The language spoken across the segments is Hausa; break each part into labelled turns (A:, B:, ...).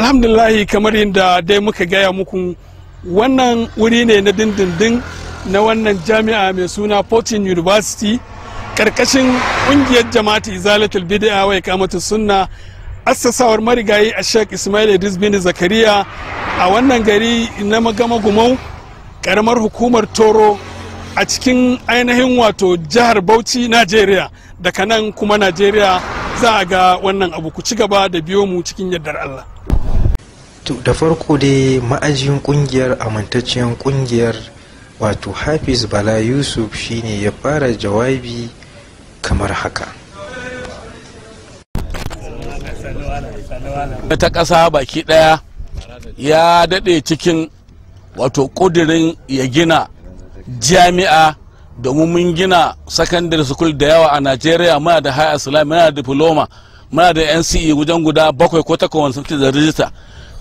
A: alhamdulahi kamar yadda dai muka gaya muku wannan wuri ne na dindindin na wannan jami'a mai suna fortune university karkashin kungiyar jama'ati zalatul bid'a wai kamata sunna assasawar marigayi a sheikh ismail idris bin zakariya a wannan gari na magama gumau karamar hukumar toro a cikin ainihin wato jihar bauchi nigeria daga nan kuma nigeria za a ga wannan abu ku ci gaba da biyo mu cikin yardar allah
B: da farko dai ma'ajin kungiyar amintacciyar kungiyar wato hafiz bala yusuf shine ya fara jawabi kamar haka
C: ta ƙasa baki ɗaya ya daɗe cikin wato ƙudirin ya gina jami'a domin mun gina secondary school da yawa a nigeria muna da high islam muna da diploma muna da nce wajen guda bakwai ko takwas da rijista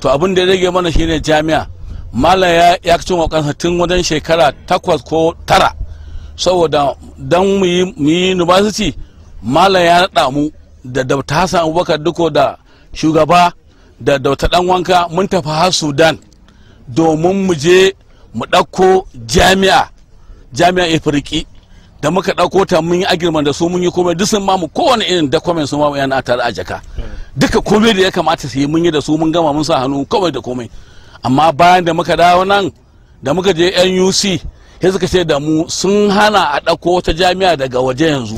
C: to abin da ya rage mana shine jami'a mala ya ya ci kansa tun wajen shekara takwas ko tara saboda dan mu yi university malam ya naɗa mu da dauta hasan abubakar duko da shugaba da dauta dan wanka mun tafi har sudan domin mu je mu ɗauko jami'a jami'a ifirki da muka ɗauko ta mun yi agirman da su mun yi komai duk mamu kowane irin da komai sun mamu yana tare a jaka duka komai da ya kamata su yi mun yi da su mun gama mun sa hannu komai da komai amma bayan da muka dawo nan da muka je NUC sai suka ce da mu sun hana a ɗauko wata jami'a daga waje yanzu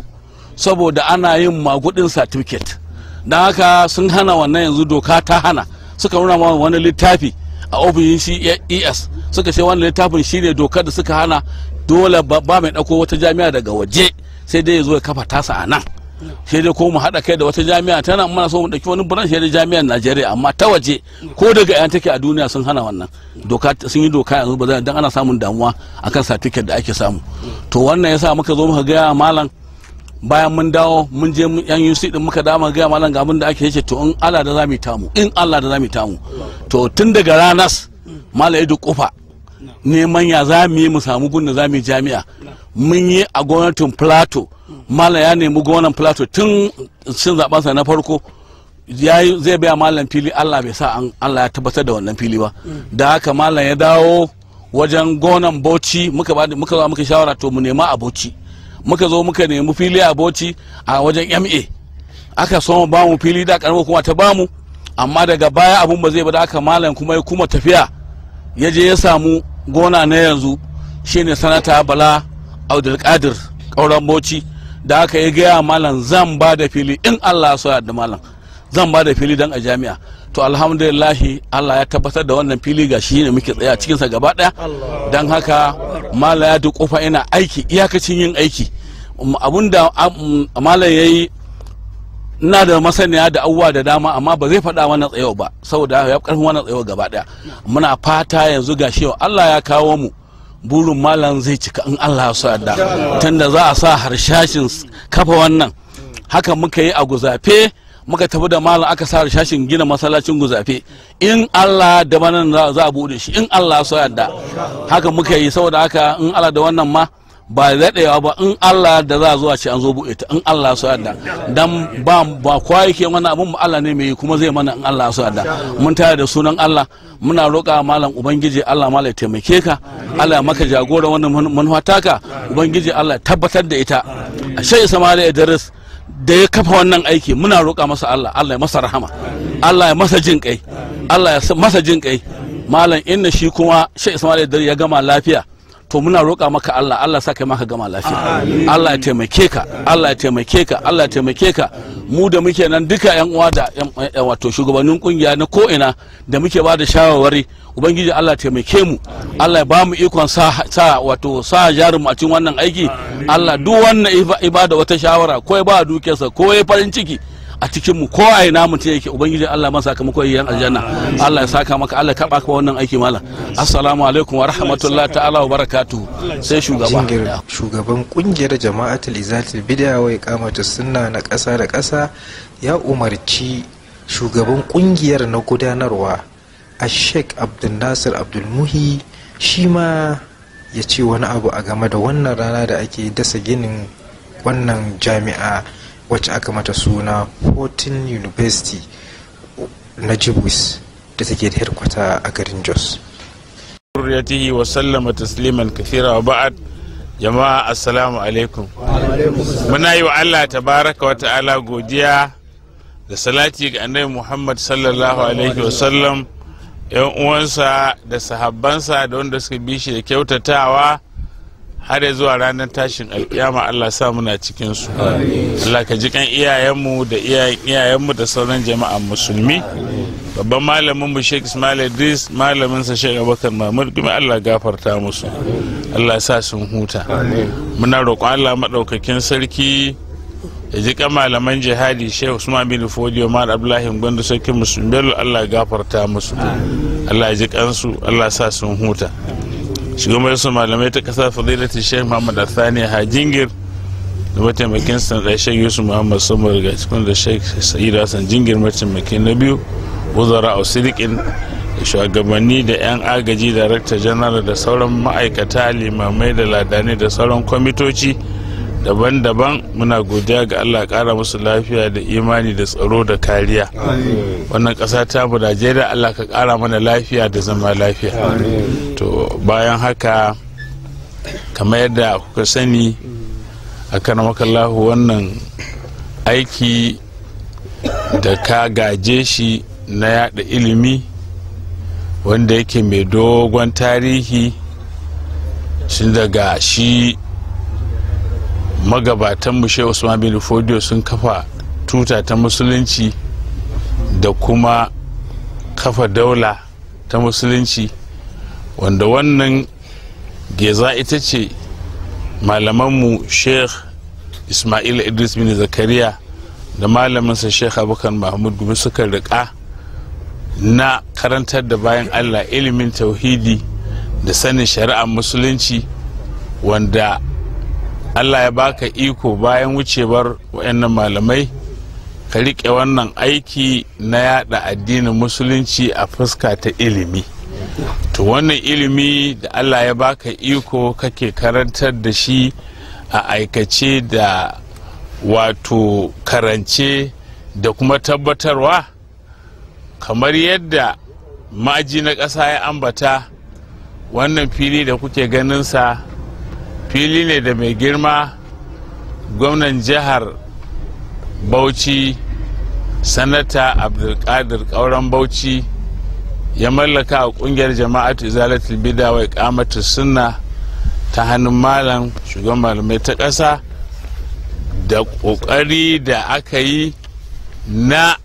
C: saboda ana yin magudin certificate don haka sun hana wannan yanzu doka ta hana suka nuna wani littafi a ofishin shi es suka ce wannan littafin shine dokar da suka hana dole ba mai dauko wata jami'a daga waje sai dai ya zo ya kafa tasa a nan sai dai ko mu haɗa kai da wata jami'a tana muna so mu ɗauki wani buran sai dai jami'ar najeriya amma ta waje ko daga yan take a duniya sun hana wannan doka sun yi doka yanzu ba dan ana samun damuwa akan satifiket da ake samu to wannan yasa muka zo muka gaya malam bayan mun dawo mun je yan yusi din muka dama ga malam ga abin da ake yace to in Allah da zamu tamu in Allah da zamu tamu to tun daga ranas malam Edu kofa neman ya zamu yi mu samu gunna da zamu jami'a mun yi a gwamnatin plato malam ya nemi gwamnatin plato tun sun zaben sa na farko ya zai baya malam fili Allah bai sa an Allah ya tabbatar da wannan fili ba da haka malam ya dawo wajen gonan Bauchi muka muka muka shawara to mu nema a Bauchi muka zo muka nemi fili a bauchi a wajen ma aka so ba mu fili da karamar kuma ta bamu amma daga baya abun ba zai ba da aka malam kuma ya kuma tafiya ya je ya samu gona na yanzu shine sanata bala abdulkadir kauran bauchi da aka yi gaya malam zan ba da fili in allah so ya da malam zan ba da fili don a jami'a to alhamdulillahi Allah ya tabbatar da wannan fili ga shi ne muke tsaya cikinsa gaba daya don haka mala ya duk kofa ina aiki iyakacin yin aiki um, abinda mala ya yi ina da masaniya da abubuwa da dama amma ba zai faɗa wannan tsayo ba saboda ya karfin wannan tsayo gaba daya muna fata yanzu ga shi Allah ya kawo mu burin malam zai cika in Allah ya so yadda tunda za a sa harshashin kafa wannan haka muka yi a guzafe muka tafi da malam aka sa shashin gina masallacin guzafe in Allah da banan za a bude shi in Allah so yadda haka muka yi saboda haka in Allah da wannan ma ba daɗewa ba in Allah da za a zuwa ce an zo buɗe ta in Allah so yadda dan ba ba kwa yake mana abun Allah ne mai kuma zai mana in Allah so yadda mun tare da sunan Allah muna roƙa malam ubangiji Allah malam taimake ka Allah ya maka jagora wannan manufa taka ubangiji Allah tabbatar da ita a isa malam Idris da ya kafa wannan aiki muna roƙa masa Allah Allah ya masa rahama Allah ya masa jin kai Allah ya masa jin kai malam inna shi kuma Sheikh Ismail Dari ya gama lafiya to muna roƙa maka Allah Allah sa maka gama lafiya Allah ya taimake ka Allah ya taimake ka Allah ya taimake ka mu da muke nan duka yan uwa da wato shugabannin kungiya na ko ina da muke ba da shawarwari ubangiji Allah ya taimake mu Allah ya ba mu ikon sa wato sa jarin a cikin wannan aiki Allah duk wannan ibada wata shawara ko ya ba dukiyarsa ko ya farin ciki a cikin mu ko a ina mutum yake ubangiji Allah ma sakamako yan aljanna Allah ya saka maka Allah karba ka wannan aiki malam assalamu alaikum wa rahmatullahi ta'ala wa barakatuhu sai shugaba
B: shugaban kungiyar jama'atul izatul bid'a wa iqamatus sunna na kasa da kasa ya umarci shugaban kungiyar na gudanarwa a sheikh abdul nasir abdul muhi shi ma ya ce wani abu a game da wannan rana da ake dasa ginin wannan jami'a wacce aka mata suna 14 university na jibus da take da herkwata a garin jos
D: ruriyatihi wa sallama tasliman kafira wa ba'ad jama'a assalamu alaikum muna yi wa allah tabaraka wa ta'ala godiya da salati ga annabi muhammad sallallahu alaihi wasallam yan uwansa da sahabbansa da wanda suka bi shi da kyautatawa har zuwa ranar tashin alkiyama Allah sa muna cikin su Allah ka ji kan iyayenmu da iyayen iyayenmu da sauran jama'a musulmi babban malamin mu Sheikh Ismail Idris malamin sa Sheikh Abubakar Mahmud kuma Allah gafarta musu Allah sa sun huta muna roƙon Allah madaukakin sarki ya ji kan malaman jihadi Sheikh Usman bin Fodio Mar Abdullahi Gondo sarkin musulmi Allah gafarta musu Allah ya ji kansu Allah sa sun huta shugaban su malamai ta kasa fadilati sheikh muhammad ha hajingir da mataimakin sanadai sheikh yusuf muhammad samar ga cikin da sheikh sa'idu hassan jingir mataimakin na biyu wuzara a sirikin shugabanni da 'yan agaji darakta janar da sauran ma'aikata limamai da ladani da sauran kwamitoci daban-daban muna godiya ga allah kara musu lafiya da imani da tsaro da kariya wannan ƙasa ta mu najeriya allah ka kara mana lafiya da zama lafiya to bayan haka kamar yadda kuka sani a lahu wannan aiki da ka gaje shi na yada ilimi wanda yake mai dogon tarihi shi daga shi magabatan mu shehu usman bin fodiyo sun kafa tuta ta musulunci da kuma kafa daula ta musulunci wanda wannan geza ita ce malaman mu sheikh ismail idris bin zakariya da malaminsa sheikh abubakar mahmud gumi suka riƙa na karantar da bayan allah ilimin tauhidi da sanin shari'ar musulunci wanda allah ya baka iko bayan wucewar wa'annan malamai ka riƙe wannan aiki na yada addinin musulunci a fuska ta ilimi to wannan ilimi da allah ya baka iko kake karantar da shi a aikace da wato karance da kuma tabbatarwa kamar yadda ma'aji na ƙasa ya ambata wannan fili da kuke ganinsa fili ne da mai girma gwamnan jihar bauchi sanata abdulkadir kauran bauchi ya mallaka a kungiyar jama'atu izalatul bida wa kamata sunna ta hannun malam shugaban malamai ta ƙasa da ƙoƙari da aka yi na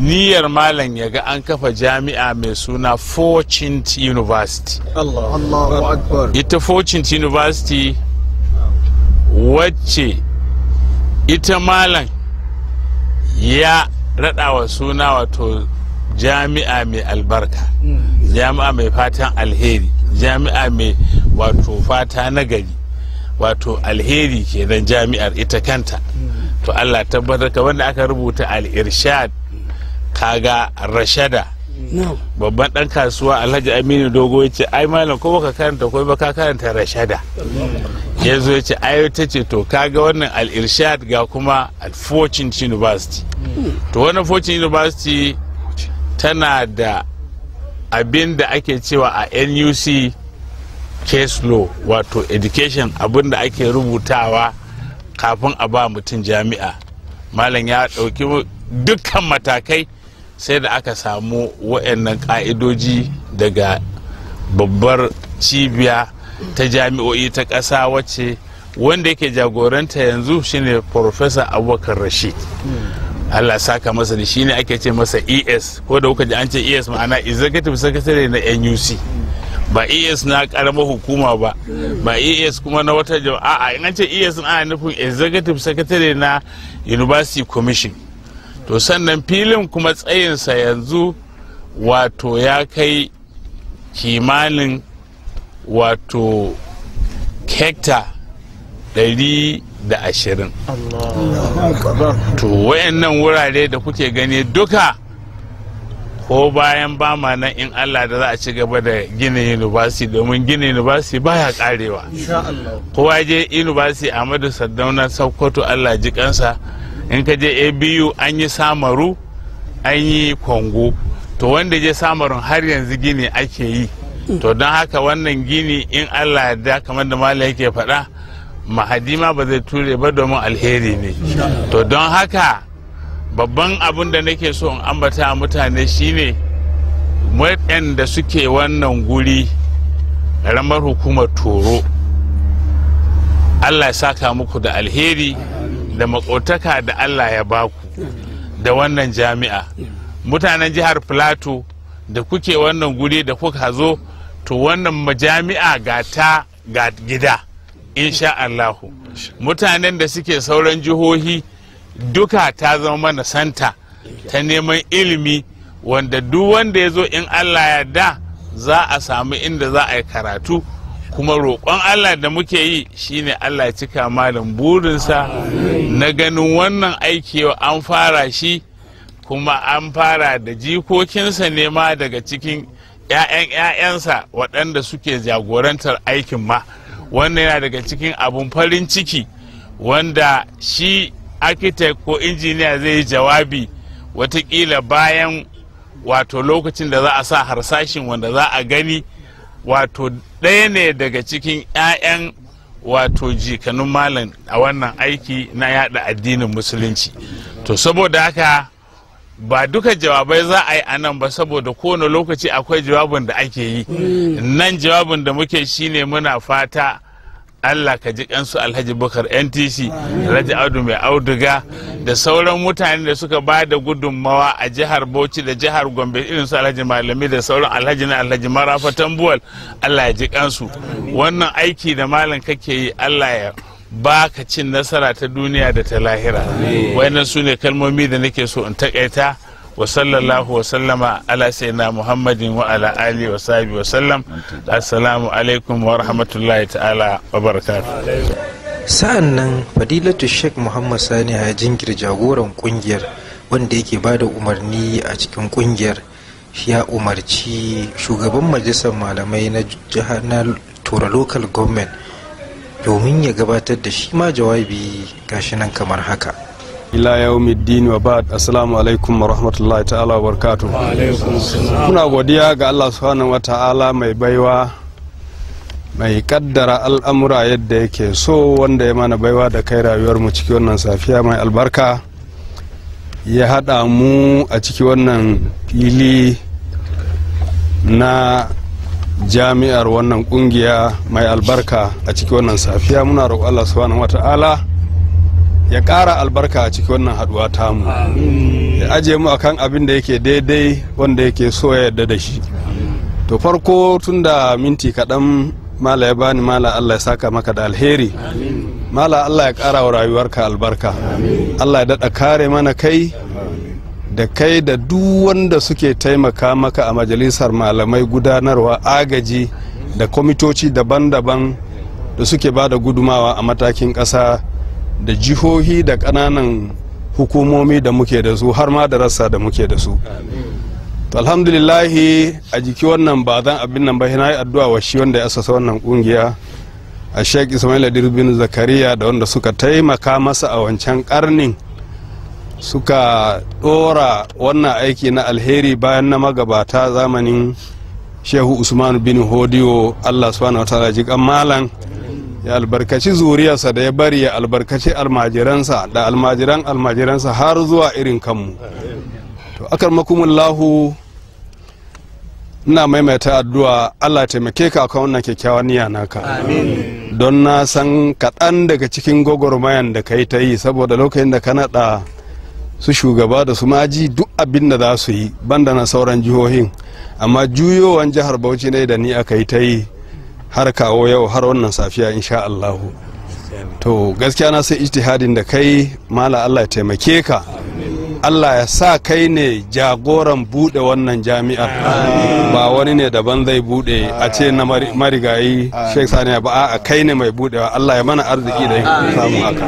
D: niyyar malam ya ga an kafa jami'a mai suna fortunet university ita fortunet university wacce ita malam ya wa suna wato jami'a mai albarka mm. jami'a mai fatan alheri jami'a mai wato fata nagari wato alheri kenan jami'ar ita kanta mm. to allah tabbatar ka wanda aka rubuta al kaga rashada babban dan kasuwa alhaji aminu dogo ya ce ai malam ko baka karanta ko baka karanta rashada ya zo ya ce ai ta ce to kaga wannan al-irshad ga kuma at fortune university to wannan fortune university tana da abin da ake cewa a nuc case law wato education abin da ake rubutawa kafin a ba mutum jami'a malam ya ɗauki dukkan matakai sai da aka samu wa'annan ka'idoji daga babbar cibiya ta jami'o'i ta ƙasa wacce wanda yake jagoranta yanzu shine Professor abubakar rashid allah saka masa da shine ake ce masa es ko da kuka ji an ce es ma'ana executive secretary na nuc ba es na karamar hukuma ba ba es kuma na wata jama'a a an ce es na nufin executive secretary na university commission to sannan filin kuma tsayinsa yanzu wato ya kai kimanin wato hekta ɗari da ashirin to wayannan wurare da kuke gani duka ko bayan ba ma nan in allah da za a ci gaba da gina university domin gina university baya karewa kowa je university a madu saddauna sokoto allah ji kansa in ka je abu an yi samaru an yi kwango to wanda je samaru har yanzu gini ake yi to don haka wannan gini in allah da kamar da mala yake faɗa mahadima ba zai ture ba domin alheri ne to don haka babban abin da nake so in ambata mutane shine da suke wannan guri ramar hukumar toro allah ya saka muku da alheri da makotaka da allah ya baku da wannan jami'a mutanen jihar plateau da kuke wannan guri da kuka zo to wannan majami'a ga ta ga gida insha allahu mutanen da suke sauran jihohi duka ta zama mana santa ta neman ilimi wanda duk wanda ya zo in allah ya da za a samu inda za a yi karatu kuma roƙon Allah da muke yi shine Allah ya cika malam burinsa na ganin wannan aiki an fara shi kuma an fara da jikokinsa ne ma daga cikin 'ya'yan 'ya'yansa waɗanda suke jagorantar aikin ma wannan yana daga cikin abun farin ciki wanda shi architect ko injiniya zai yi jawabi watakila bayan wato lokacin da za a sa harsashin wanda za a gani wato ɗaya ne daga cikin 'ya'yan wato jikanin malam a wannan aiki na yada addinin musulunci to saboda haka ba duka jawabai za a yi a nan ba saboda kowane lokaci akwai jawabin da ake yi hmm. nan jawabin da muke shine muna fata Allah ka ji kansu Alhaji Bukar NTC, Alhaji Audu mai auduga da sauran mutane da suka ba da gudunmawa a jihar Bauchi da jihar Gombe irin su Alhaji Malami da sauran Alhaji na Alhaji Marafa Tambuwal Allah ya ji kansu. Wannan aiki da malam kake yi Allah ya ba ka cin nasara ta duniya da ta lahira. Wannan su ne kalmomi da nake so in takaita. wa sallallahu wa sallama ala sayyidina muhammadin wa ala ali wa sahbihi wa sallam assalamu alaikum wa rahmatullahi ta'ala wa barakatuh
B: sa'an nan fadilatu sheikh muhammad sani jingir jagoran kungiyar wanda yake ba da umarni a cikin kungiyar ya umarci shugaban majalisar malamai na jihar tura local government domin ya gabatar da shi ma jawabi gashi nan kamar haka
E: ila middin wa ba'd assalamu alaikum wa rahmatullahi ta'ala wa barkatu muna godiya ga Allah subhanahu wa ta'ala mai baiwa mai kaddara al'amura yadda yake so wanda ya mana baiwa da kai rayuwar mu ciki wannan safiya mai albarka ya haɗa mu a ciki wannan fili na jami'ar wannan kungiya mai albarka a ciki wannan safiya muna roƙo Allah subhanahu wa ta'ala ya kara albarka a cikin wannan haɗuwa tamu ya aje mu akan abin da yake daidai wanda yake so ya yarda da shi to farko tun da minti kaɗan mala ya bani mala allah ya saka maka da alheri mala allah ya kara wa rayuwarka albarka allah ya daɗa kare mana kai da kai da duk wanda suke taimaka maka a majalisar malamai gudanarwa agaji da kwamitoci daban-daban da suke ba da gudumawa a matakin ƙasa da jihohi da ƙananan hukumomi da muke da su har ma da rassa da muke da su alhamdulillahi a jiki wannan ba zan abin nan ba na yi addu'a wa shi wanda ya asasa wannan kungiya a sheik ismail dirbin zakariya da wanda suka taimaka masa a wancan karnin suka dora wannan aiki na alheri bayan na magabata zamanin shehu usman bin hodiyo allah subhanahu wa ta'ala jikan malam ya albarkaci zuriyarsa da ya bari ya albarkaci almajiransa da almajiran almajiransa har zuwa irin kanmu to akar makumullahu na maimaita addu'a allah taimake ka akan wannan kyakkyawan niyya naka don na san kaɗan daga cikin gwagwarmayan da ka yi ta yi saboda lokacin da ka naɗa su shugaba da su maji duk abin da za su yi banda na sauran jihohin amma juyowan jihar bauchi ne da ni aka yi ta yi har kawo yau har wannan safiya insha Allahu to gaskiya na sai ijtihadin da kai mala Allah ya taimake ka Allah ya sa kai ne jagoran bude wannan jami'a ba wani ne daban zai bude a ce na marigayi Sheikh Sani ba a kai ne mai budewa Allah ya mana arziki da samu haka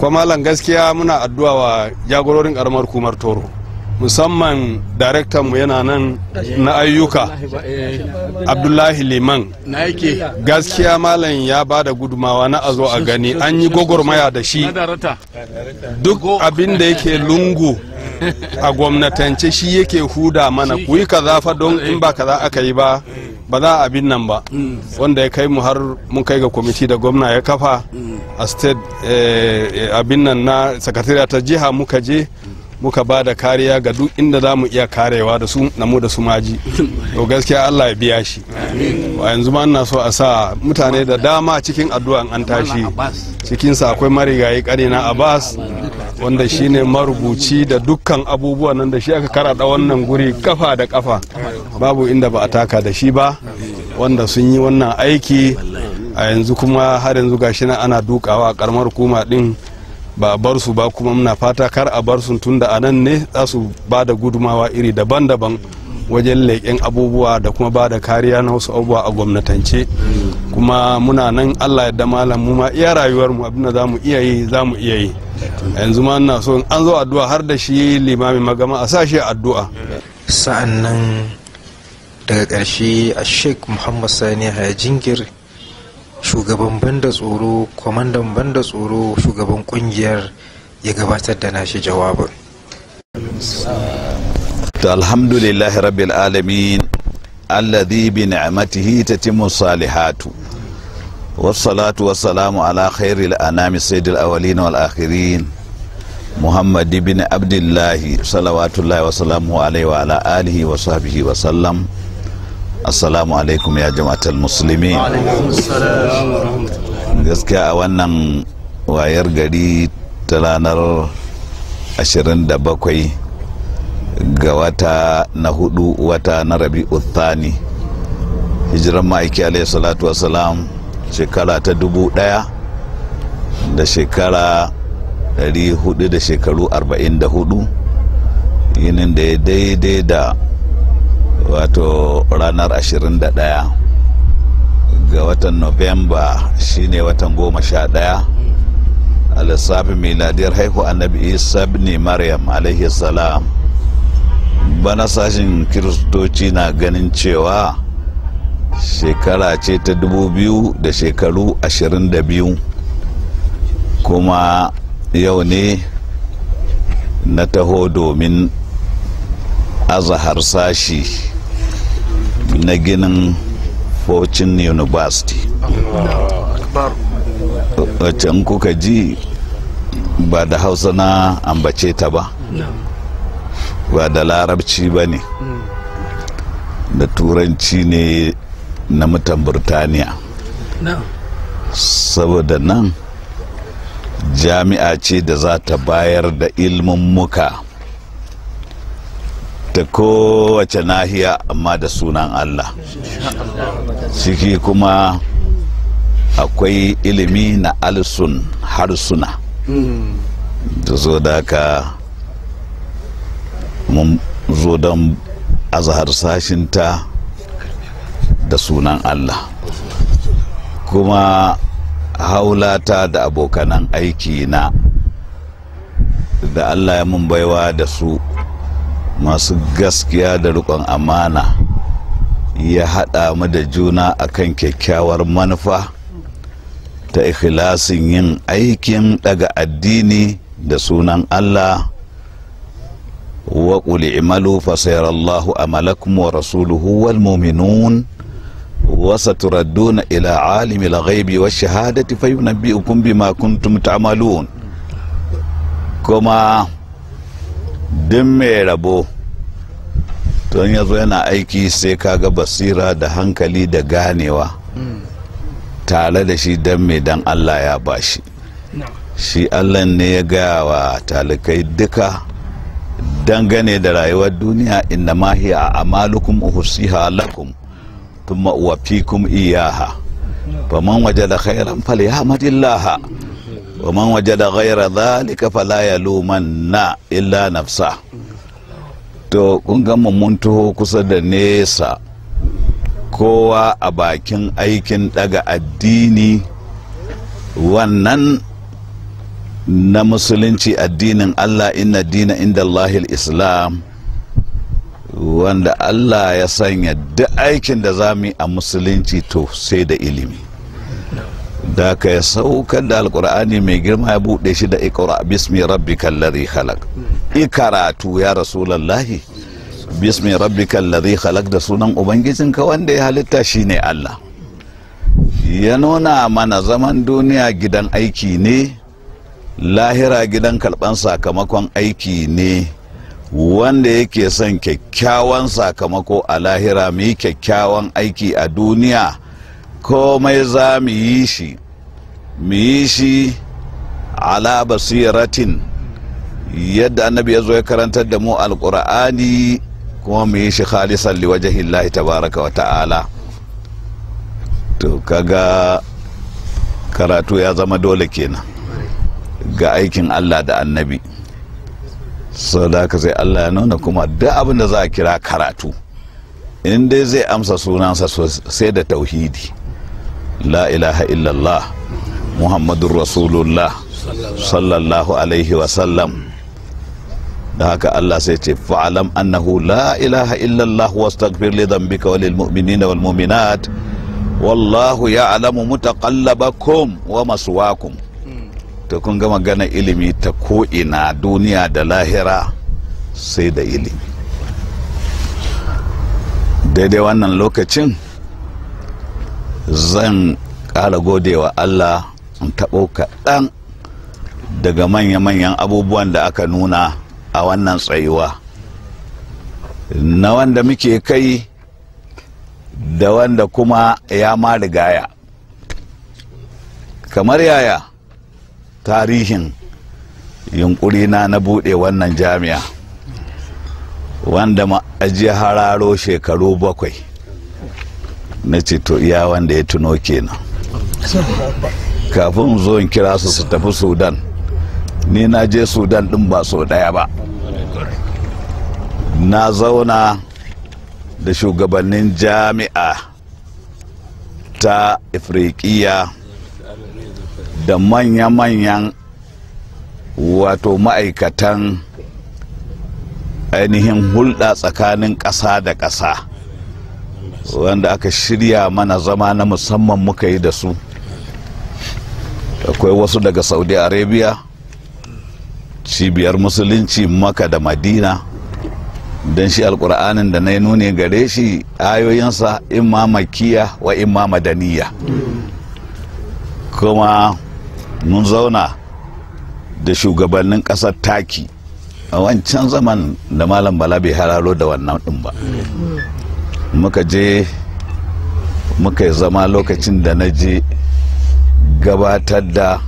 E: kuma malam gaskiya muna addu'a wa jagororin karamar kumar toro musamman daraktan mu yana nan na ayyuka
C: abdullahi liman gaskiya
E: malam ya ba da gudumawa na azo a gani an yi gwagwarmaya da shi duk abin da yake lungu a gwamnatance shi yake huda mana ku yi kaza fa don in ba kaza aka yi ba ba za a abin nan ba wanda ya kai mu har mun kai ga kwamiti da gwamna ya kafa a state eh, eh, abin nan na sakatariya ta jiha muka je muka ba da kariya ga duk inda za mu iya karewa da su na mu da su maji to gaskiya allah ya biya shi yanzu ma ina so a sa mutane da dama cikin addu'an an tashi cikinsa akwai marigayi kanina abbas wanda shine marubuci da dukkan abubuwan nan da shi aka karada wannan guri kafa da kafa babu inda ba a taka da shi ba wanda sun yi wannan aiki a yanzu kuma har yanzu gashi na ana dukawa a karamar hukuma din ba a bar su ba kuma muna fata kar a bar su tunda a nan ne za su ba da gudumawa iri daban-daban wajen leƙen abubuwa da kuma ba da kariya na wasu abubuwa a gwamnatance kuma muna nan allah ya malam mu ma iya rayuwar mu abinda za mu iya yi za mu iya yi yanzu ma na so an zo addu'a har da shi limamin magama a sa shi addu'a
B: sa'an nan daga ƙarshe a sheik muhammad sani haya jingir shugaban banda tsoro kwamandan banda tsoro shugaban kungiyar ya gabatar da nashi jawabin
F: alhamdulillah rabbil alamin alladhi bi ni'matihi tatimmu salihatu wassalatu wassalamu ala khairil anami sayyidil awwalin wal akhirin muhammad ibn abdullahi salawatullahi wa salamuhu alaihi wa ala alihi wa sahbihi wa sallam assalamu alaikum ya jama'atar musulmi gaskiya a wannan wayar gari ta ranar 27 ga wata na hudu wata na rabi uthani hijiran ma'aiki alaihi salatu wasalam shekara ta dubu daya da shekara 400 da shekaru 44 yinin da ya daidai da wato ranar 21 ga watan shi shine watan goma sha daya a lissafin miladiyar haihu annabi isa ne maryam alaihi salam bana sashin kiristoci na ganin cewa shekara ce ta dubu biyu da shekaru ashirin da biyu kuma yau ne na taho domin azahar sashi na ginin fortune university wacce in kuka ji ba da hausa na ambace ta ba ba da larabci ba ne da turanci ne na mutan birtaniya saboda nan jami'a ce da za ta bayar da ilmin muka ta kowace nahiya amma da sunan Allah ciki kuma akwai ilimi na alsun harsuna da zo da mun zo don azahar sashinta da sunan Allah kuma haulata da abokanan aiki na da Allah ya mun baiwa da su masu gaskiya da rikon amana ya haɗa mu da juna akan kyakkyawar manufa ta ikhlasin yin aikin daga addini da sunan Allah wa ƙuli i'malu fa a amalakum wa rasuluhu wal mu'minun wa saturadduna ila alimi la ghaibi wa shahadati kumbi bima kuntum amalu kuma din mai rabo don ya zo yana aiki sai kaga basira da hankali da ganewa tare da shi don mai don allah ya bashi shi allah ne ya gaya wa talikai duka dangane da rayuwar duniya inna mahia a amalukum uhusiha lakum thumma uwafikum iyaha faman da khairan falyahmadillaha wa man wajada ghaira dhalika fala yalumanna illa nafsa to kun ga mun taho kusa da nesa kowa a bakin aikin daga addini wannan na musulunci addinin Allah inna dina inda Allahil Islam wanda Allah ya sanya duk aikin da za a musulunci to sai da ilimi da ka yi saukar da alkur'ani mai girma ya buɗe shi da ikra bismi rabbi ladhi khalaq ikaratu ya rasulullahi bismi rabbi khalaq da sunan ubangijinka wanda ya halitta shine Allah ya nuna mana zaman duniya gidan aiki ne lahira gidan karɓan sakamakon aiki ne wanda yake son kyakkyawan sakamako a lahira mai kyakkyawan aiki a duniya komai za mu yi shi mu yi shi ala basiratin yadda annabi ya zo ya karantar da mu alkur'ani kuma mu yi shi khalisan liwajahillahi tabaraka wa ta'ala to kaga karatu ya zama dole kenan ga aikin allah da annabi sau da ka sai allah ya nuna kuma duk abin da za a kira karatu in dai zai amsa sunansa sai da tauhidi la ilaha illallah muhammadun rasulullah sallallahu alaihi wasallam da haka Allah sai ce fa'alam annahu la ilaha illallah wastaghfir li dhanbika wa lil mu'minina wal mu'minat wallahu ya'lamu mutaqallabakum wa maswaakum to kun ga magana ilimi ta ko ina duniya da lahira sai da ilimi daidai wannan lokacin zan ƙara godewa allah in taɓo kaɗan daga manya-manyan abubuwan da aka nuna a wannan tsayuwa na wanda muke kai da wanda kuma ya ma rigaya kamar yaya tarihin yunkuri na na buɗe wannan jami'a wanda ma'aji hararo shekaru bakwai na ce to iya wanda ya tuno kenan kafin zo in kira su su tafi sudan ni na je sudan din ba so daya ba na zauna da shugabannin jami'a ta afirikiya da manya-manyan wato ma'aikatan ainihin hulɗa tsakanin ƙasa da ƙasa wanda aka shirya mana zama na musamman muka yi da su akwai wasu daga saudi arabia cibiyar musulunci maka da madina don shi alkur'anin da na yi nuni gare shi ayoyinsa imma makiya wa imma madaniya kuma mun zauna da shugabannin ƙasar taki a wancan zaman da malam bala bai hararo da wannan ɗin ba muka je muka zama lokacin da na je gabatar da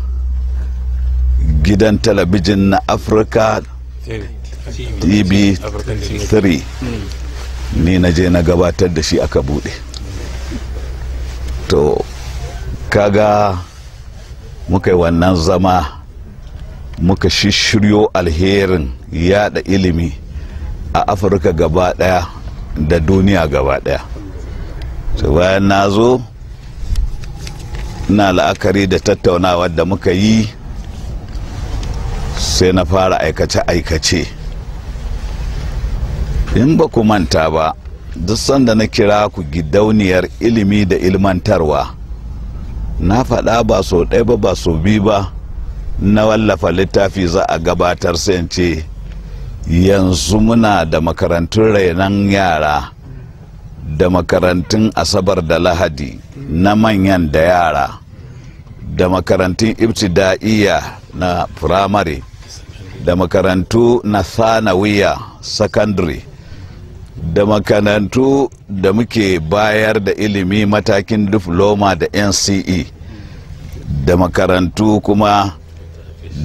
F: gidan talabijin na afirka tv 3 ni na je na gabatar da shi aka bude to kaga muka yi wannan zama muka shiryo alherin yada ilimi a afirka gaba daya da duniya gaba daya so bayan na zo na la'akari da tattaunawa da muka yi sai na fara aikace-aikace in ba ku manta ba duk sanda na kira ku gidauniyar ilimi da ilmantarwa na faɗa ba so ɗaya ba ba so biyu ba na wallafa littafi za a gabatar sai ce yanzu muna da makarantun rainon yara da makarantun asabar da lahadi na manyan da yara da makarantun ibtida'iyya na firamare da makarantu na sanawiya secondary da makarantu da muke bayar da ilimi matakin diploma da nce da makarantu kuma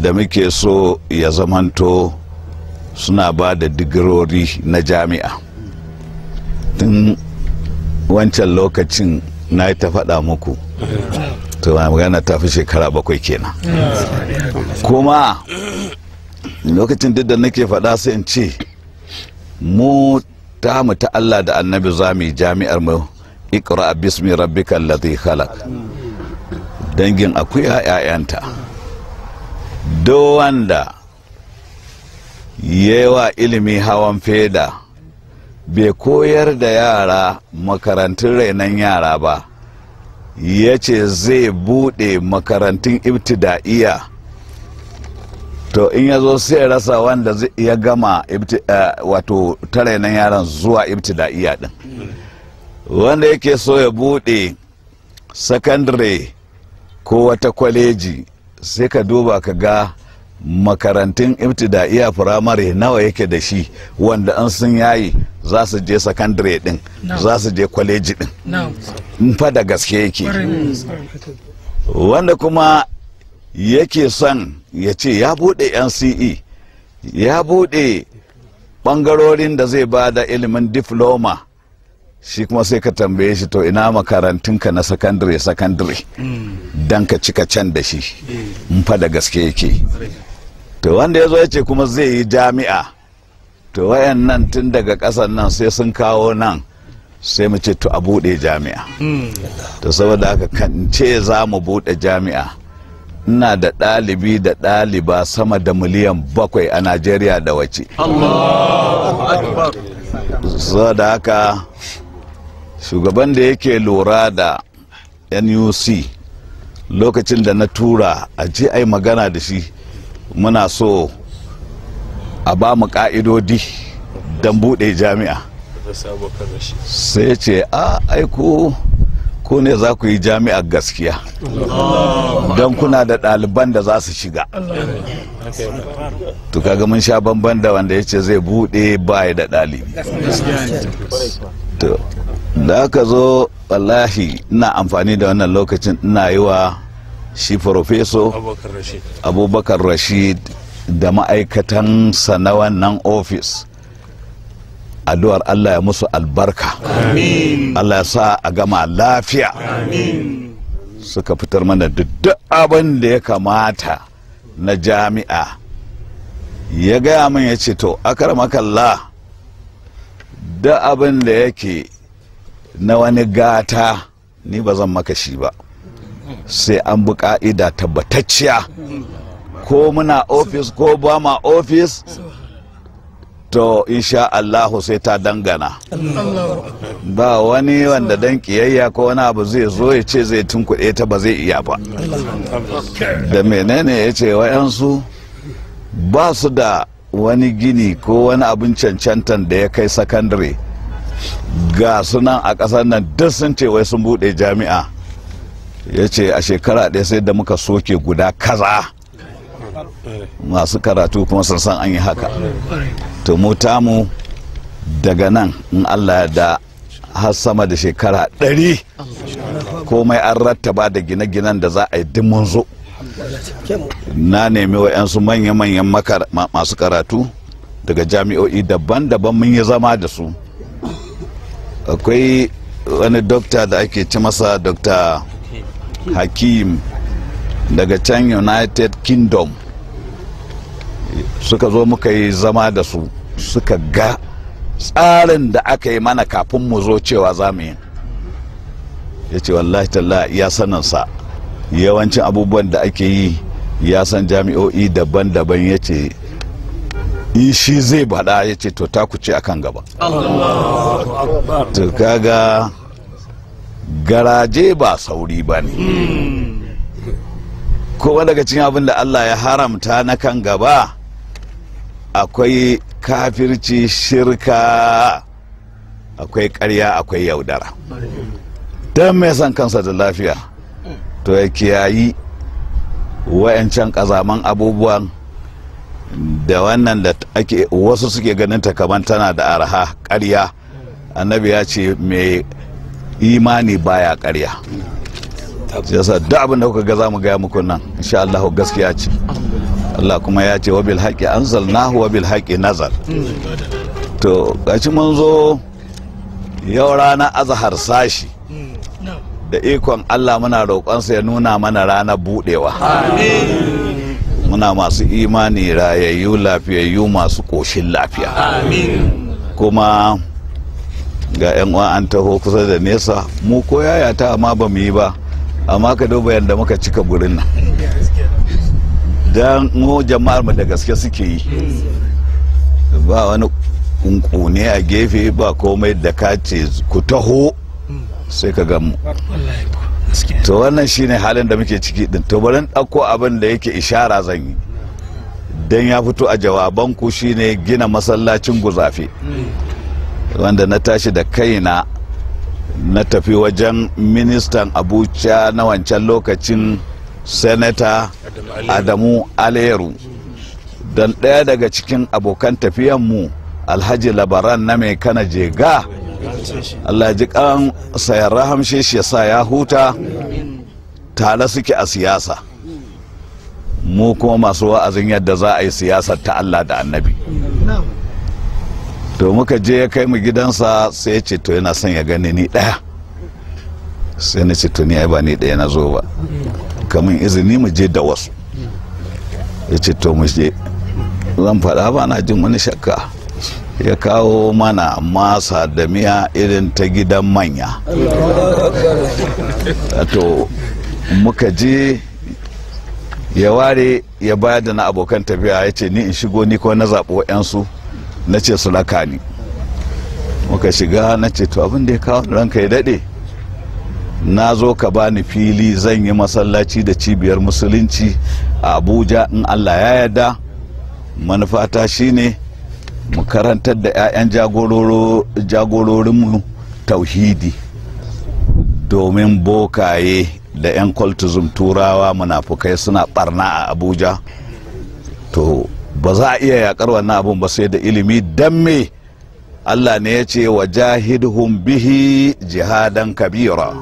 F: da muke so ya zamanto suna ba da digirori na jami'a tun wancan lokacin na yi ta faɗa muku to magana ta fi shekara bakwai kenan kuma lokacin duk da nake faɗa sai in ce mu ta mu ta Allah da annabi za mu yi jami'ar mu ikra bismi rabbikal ladhi khalaq dangin akuya 'ya'yanta do wanda yawa ilimi hawan feda bai koyar da yara makarantun rainon yara ba ya ce zai bude makarantun ibtida'iya to in ya zo sai rasa wanda ya gama eh, wato ta rainon yaran zuwa ibtida'iya din wanda yake so ya bude sakandare ko wata kwaleji sai ka duba ka ga makarantun ibtida'iya firamare nawa yake da shi wanda an sun yayi za su je sakandare din za su je kwaleji din in fa da gaske yake wanda kuma yake son ya ce ya bude nce ya bude bangarorin da zai ba da ilimin diploma shi kuma sai ka tambaye shi to ina makarantunka na sakandare sakandare mm. dan ka cika can da shi eh. in fa da gaske yake to wanda ya zo ya ce kuma zai yi jami'a to wayannan tun daga kasan nan sai sun kawo nan sai mu ce to a buɗe jami'a to saboda haka kan ce za mu buɗe jami'a ina da ɗalibi da ɗaliba sama da miliyan bakwai a najeriya da wace saboda haka shugaban da yake lura da nuc lokacin da na tura a ji ai magana da shi muna so a ba mu ka'idodi don buɗe jami'a sai ce a aiko ku ne za ku yi jami'a gaskiya don kuna da ɗaliban da za su shiga to ga mun sha bamban da wanda ya ce zai buɗe baya da ɗalibi da aka zo wallahi ina amfani da wannan lokacin ina yi wa shi farfeso abubakar rashid da ma'aikatansa na wannan ofis addu'ar allah ya musu albarka allah ya sa a gama lafiya suka fitar mana duk abin da ya kamata na jami'a ya gaya min ya ce to makalla da abin da yake na wani gata ni ba zan maka shi ba sai an bi ka'ida tabbatacciya ko muna ofis ko ba ma ofis to insha Allahu sai ta dangana ba wani wanda dan kiyayya ko wani abu zai zo ya ce zai tunkuɗe ta ba zai iya ba da menene ya ce wa'yansu ba su da wani gini ko wani abin cancantan da ya kai sakandare ga sunan a ƙasar nan duk sun ce wai sun buɗe jami'a ya ce a shekara ɗaya sai da muka soke guda kaza masu karatu kuma sun san an yi haka to mu tamu daga nan in allah da har sama da shekara ɗari komai an rattaba da gine-ginen da za a yi mun zo na nemi wa wa'yansu manya-manyan masu karatu daga jami'o'i daban-daban mun yi zama da su akwai wani dokta da ake ci masa dokta hakim daga can united kingdom suka zo muka yi zama da su suka ga tsarin da aka yi mana kafin mu zo cewa za mu yi ya ce wallahi talla ya sa yawancin abubuwan da ake yi ya san jami'o'i daban-daban ya ce shi zai bada ya ce to ta ku ce akan gaba. to garaje ba sauri ba ne kuma daga cikin abin da allah ya haramta na kan gaba akwai kafirci shirka akwai karya akwai yaudara don mai son kansa da lafiya to ya kiyayi wayancan kazaman abubuwan da wannan da ake wasu suke ganin ta tana da arha karya annabi ya ce mai imani baya karya yasa duk abin da kuka ga zamu gaya muku nan insha Allah gaskiya ce Allah kuma ya ce wabil haqqi anzalnahu wabil haqqi nazal to gashi mun zo yau rana azhar sashi da ikon Allah muna roƙon sa ya nuna mana rana budewa muna masu imani rayayyu lafiyayyu masu ƙoshin lafiya kuma ga 'yan uwa an taho kusa da nesa mu ko yaya ta amma ba mu yi ba amma ka duba yadda muka cika gurin nan don mu jama'ar mu da gaske suke yi ba wani kunkune a gefe ba komai da ka ce ku taho sai ka gamu to wannan shine halin da muke ciki din to bari dauko abin da yake ishara zan yi don ya fito a jawabanku shine gina masallacin guzafe wanda na tashi da kaina na tafi wajen ministan abuja na wancan lokacin senator adamu aleru don ɗaya daga cikin abokan tafiyanmu alhaji labaran na mai kana jega allah ji kan sayar rahamshe shi sa ya huta tare suke a siyasa mu kuma masu wa'azin yadda za a yi siyasar ta allah da annabi to muka je ya kai mu gidansa sai ya ce to yana son ya gani ni ɗaya sai na ce to ni ai ba ni ɗaya na zo ba kamin izini mu je da wasu ya ce to mu je zan faɗa ba na jin wani shakka ya kawo mana masa da miya irin ta gidan manya to muka je ya ware ya bayar da na abokan tafiya ya ce ni in shigo ni ko na zaɓo 'yansu na ce su raka ni muka shiga na ce to abin da ya kawo ranka ya daɗe na zo ka bani fili zan yi masallaci da cibiyar musulunci a abuja in allah ya yarda manufata shine mu karantar da 'ya'yan jagororinmu tauhidi domin bokaye da 'yan kwaltuzum turawa munafukai suna barna a abuja to ba za a iya yaƙar wannan abun ba sai da ilimi dan me Allah ne ya ce wa jahidhum bihi jihadan kabira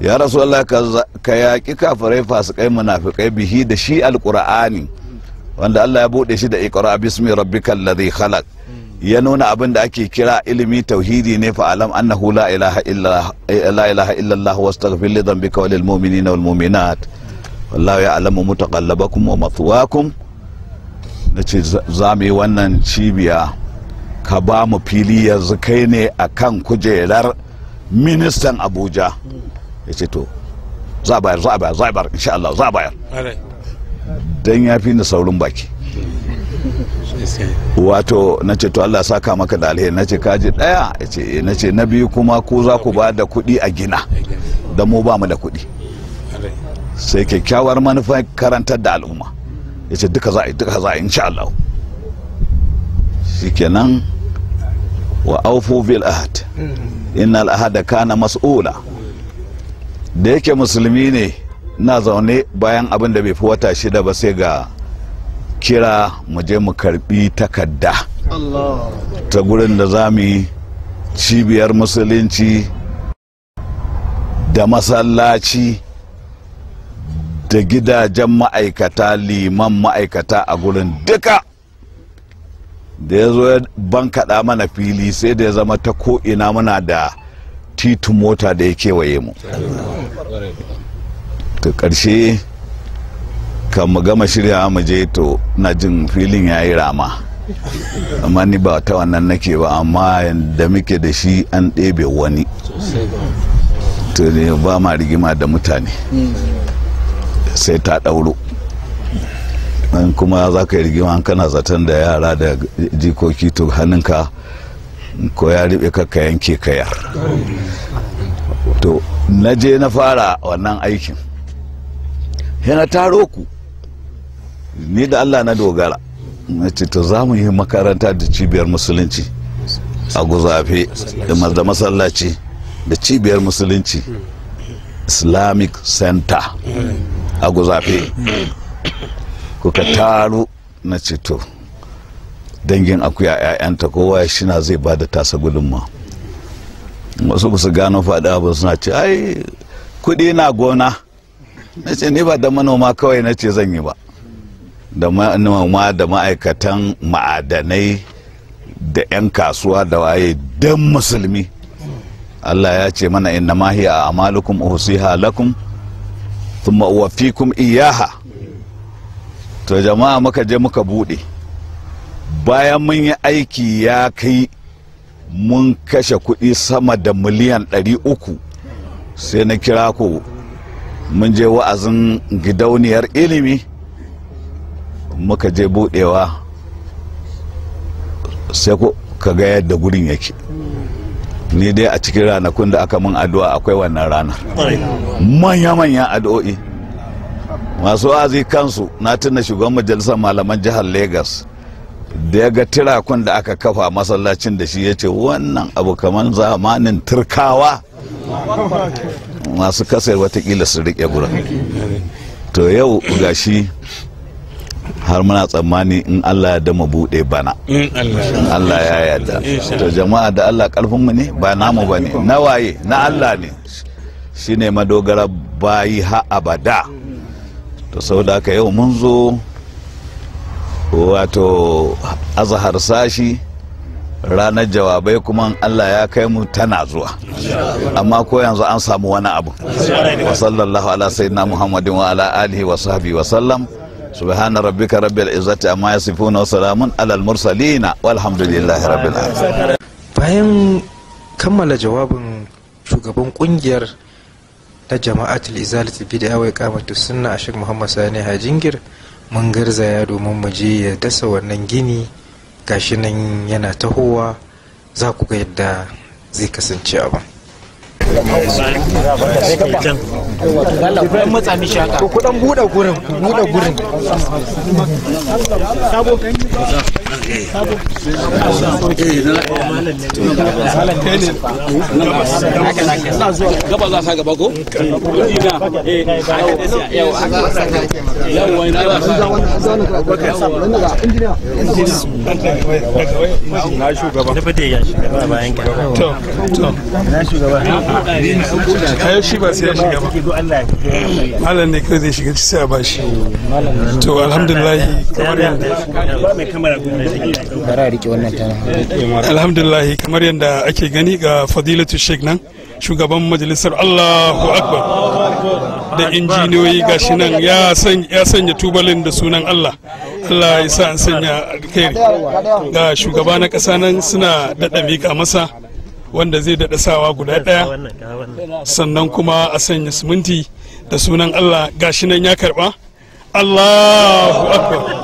F: ya rasu Allah ka yaƙi kafirai fasikai munafikai bihi da shi alƙur'ani wanda Allah ya buɗe shi da iqra bismi rabbikal ladhi khalaq ya nuna abin da ake kira ilimi tauhidi ne fa alam annahu la ilaha illa la ilaha illa Allah wastaghfir li dhanbika wa mu'minina wal mu'minat wallahu ya'lamu mutaqallabakum wa mathwaakum na ce za mu yi wannan cibiya ka ba mu fili yanzu kai ne a kan kujerar ministan abuja ya ce to za bayar za bayar za bayar insha Allah za bayar don ya fi ni saurin baki wato na ce to Allah saka maka da alheri na ce kaji daya ya ce eh, na ce na biyu kuma ko za ku ba da kuɗi a gina da mu ba mu da kuɗi sai kyakkyawar manufa karantar da al'umma ya ce duka za'a duka za'a Allah shikenan wa aufu bil ahad inna al ahada kana mas'ula da yake musulmi ne na zaune bayan abin da bai fi wata shida ba sai ga kira mu je mu karbi takarda ta gurin da za mu yi cibiyar musulunci da masallaci da gidajen ma'aikata liman ma'aikata a gurin duka da ya zo ya bankaɗa mana fili sai da ya zama ta ko'ina muna da titu mota da ya kewaye mu ta ƙarshe kan mu gama shirya mu je to na jin filin ya yi rama amma ni ba ta wannan nake ba amma da muke da shi an ɗebe wani to ne ba ma rigima da mutane sai ta ɗauro kuma za ka yi rigima kana zaton da yara da jikoki to hannunka ko ya riɓe ka yanke kaya to na je na fara wannan aikin yana taro ku ni da allah na dogara na ce to za mu yi makaranta da cibiyar musulunci a guzafe da masallaci da cibiyar musulunci islamic center a guzafe kuka taru na ceto dangin akuya 'ya'yanta kowa shina zai ba da tasa gudunma wasu ba su gano faɗa ba suna ce ai kuɗi na gona na ce ni ba da manoma kawai na ce zan yi ba da manoma da ma'aikatan ma'adanai da 'yan kasuwa da waye don musulmi allah ya ce mana inna mahiya a amalukun lakum thumma kum iyaha to jama'a muka je muka buɗe bayan mun yi aiki ya kai mun kashe kuɗi sama da miliyan ɗari uku sai na kira ku mun je wa'azin gidauniyar ilimi muka je buɗewa sai ka ga yadda gurin yake ni dai a cikin ranakun da aka mun addu'a akwai wannan ranar manya-manyan addu'o'i masu azi kansu na tuna shugaban majalisar malaman jihar lagos da ya ga tirakun da aka kafa masallacin da shi ya ce wannan abu kaman zamanin turkawa masu kasa watakila su riƙe gura to yau gashi har muna tsammani in Allah ya dama bude bana in Allah ya yarda to jama'a da Allah karfin mu ne ba namu bane na waye na Allah ne shine madogara bayi ha abada to saboda ka yau mun zo wato azahar sashi ranar jawabai kuma Allah ya kai mu tana zuwa amma ko yanzu an samu wani abu wa sallallahu ala sayyidina muhammadin wa ala alihi wa sahbihi wa sallam subhana rabbika rabbil izzati amma yasifuna wa salamun alal mursalina walhamdulillahi rabbil alamin
B: bayan kammala jawabin shugaban kungiyar na jama'atul izalatul bid'a wa iqamatus sunna a Sheikh Muhammad Sani Hajingir mun garzaya domin mu je ya dasa wannan gini gashi nan yana tahowa za ku ga yadda zai kasance abin Kudan buɗe gurin, buɗe gurin.
A: malam ne zai shiga ci sai a bashi to kamar yadda alhamdulillah kamar yadda ake gani ga fadilatu sheik nan shugaban majalisar allahu akbar da injiniyoyi shi nan ya sanya tubalin da sunan allah allah ya sa an sanya alkhairi ga shugaba na ƙasa nan suna daɗa miƙa masa wanda zai daɗa sawa guda ɗaya sannan kuma a sanya siminti da sunan allah shi nan ya karɓa allahu akbar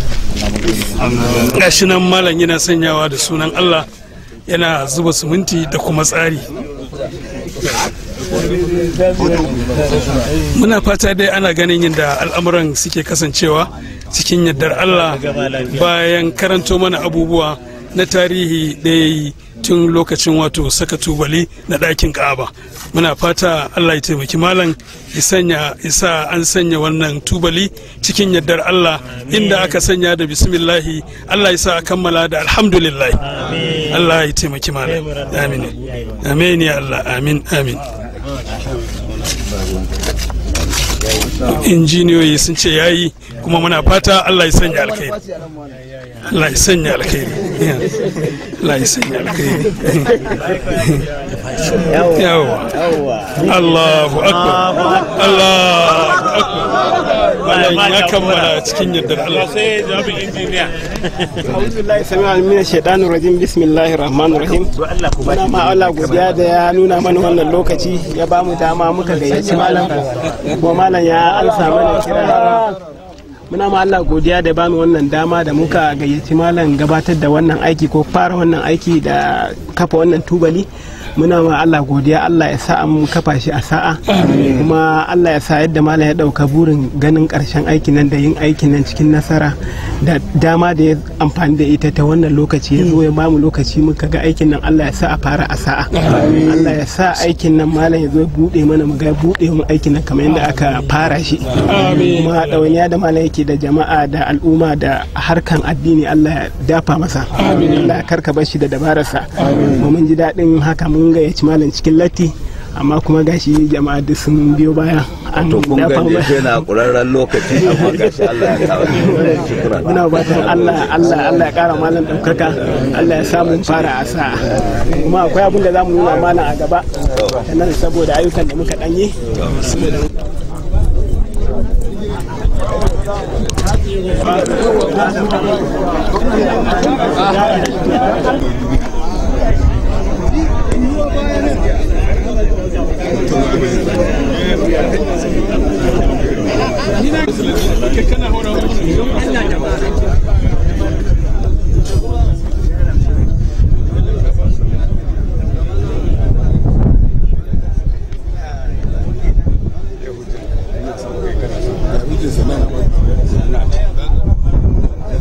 A: gashi nan malam yana sanyawa da sunan allah yana zuba suminti da kuma tsari muna fata dai ana ganin yadda al'amuran suke kasancewa cikin yardar allah bayan karanto mana abubuwa na tarihi da ya yi tun lokacin wato saka tubali na ɗakin ka'aba muna fata allah ya taimaki malam ya sanya isa an sanya wannan tubali cikin yardar allah inda aka sanya da bismillahi allah ya sa a kammala da alhamdulillah allah ya taimaki malam Amini. amin ya allah amin amin injiniyoyi sun ce yayi kuma muna fata allah ya sanya alkhairi Allah ya sanya alkhairi Allah ya sanya alkhairi yawa Allahu
G: akbar
A: Allahu
H: akbar cikin Allah sai jami'in injiniya Alhamdulillah shaitanir rajim bismillahir rahmanir rahim ma Allah godiya da ya nuna mana wannan lokaci ya bamu dama muka gayyaci malam ko malam ya alsa mana kira muna ma Allah godiya da bani wannan dama da muka gayyaci malam gabatar da wannan aiki ko fara wannan aiki da kafa wannan tubali muna ma Allah godiya Allah ya sa mu kafa shi a sa'a kuma Allah ya sa yadda malam ya dauka burin ganin karshen aikin nan da yin aikin nan cikin nasara da dama da ya amfani da ita ta wannan lokaci ya zo ya bamu lokaci muka ga aikin nan Allah ya sa a fara a sa'a Allah ya sa aikin nan malam ya zo bude mana mu ga bude mu aikin nan kamar yadda aka fara shi kuma dawaniya da malam yake yake da jama'a da al'umma da harkan addini Allah ya dafa masa Allah ya karkaba shi da dabararsa mun ji daɗin haka mun ga ya ci malam cikin latti amma kuma gashi jama'a duk sun biyo baya an to kun gani yana
F: kurarren lokaci amma
H: gashi Allah ya kawo shukran muna bata Allah Allah Allah ya kara malam daukaka Allah ya samu fara a sa'a kuma akwai abin da zamu nuna malam a gaba nan saboda ayyukan da muka danyi danye Ni
A: na
F: kana hora